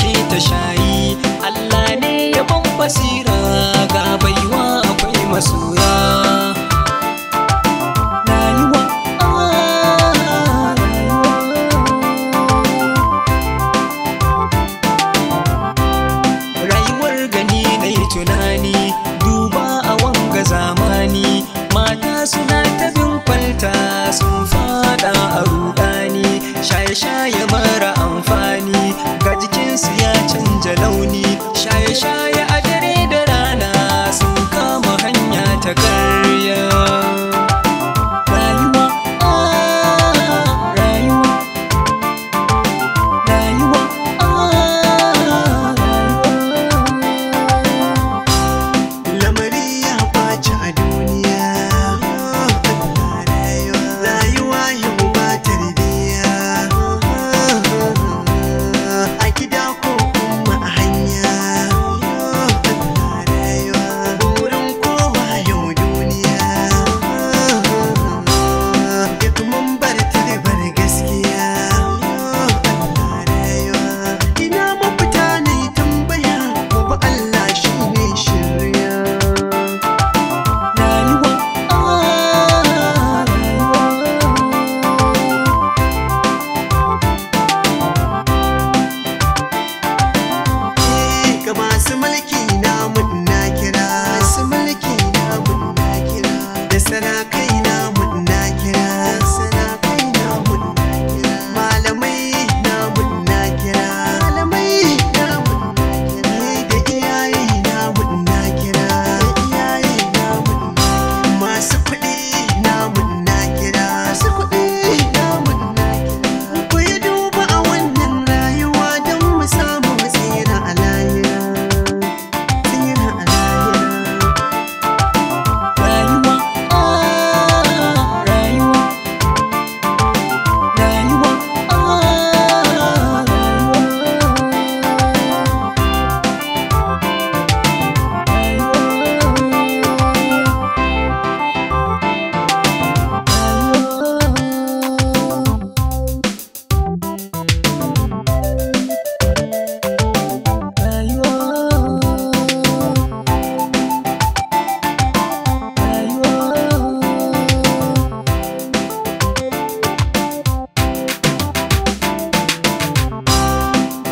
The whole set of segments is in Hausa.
ke ta shayi Allah ne ya ban basira ga baiwa akwai masoya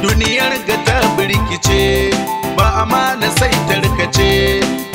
duniyar ga ta birkice ba amana sai tarkace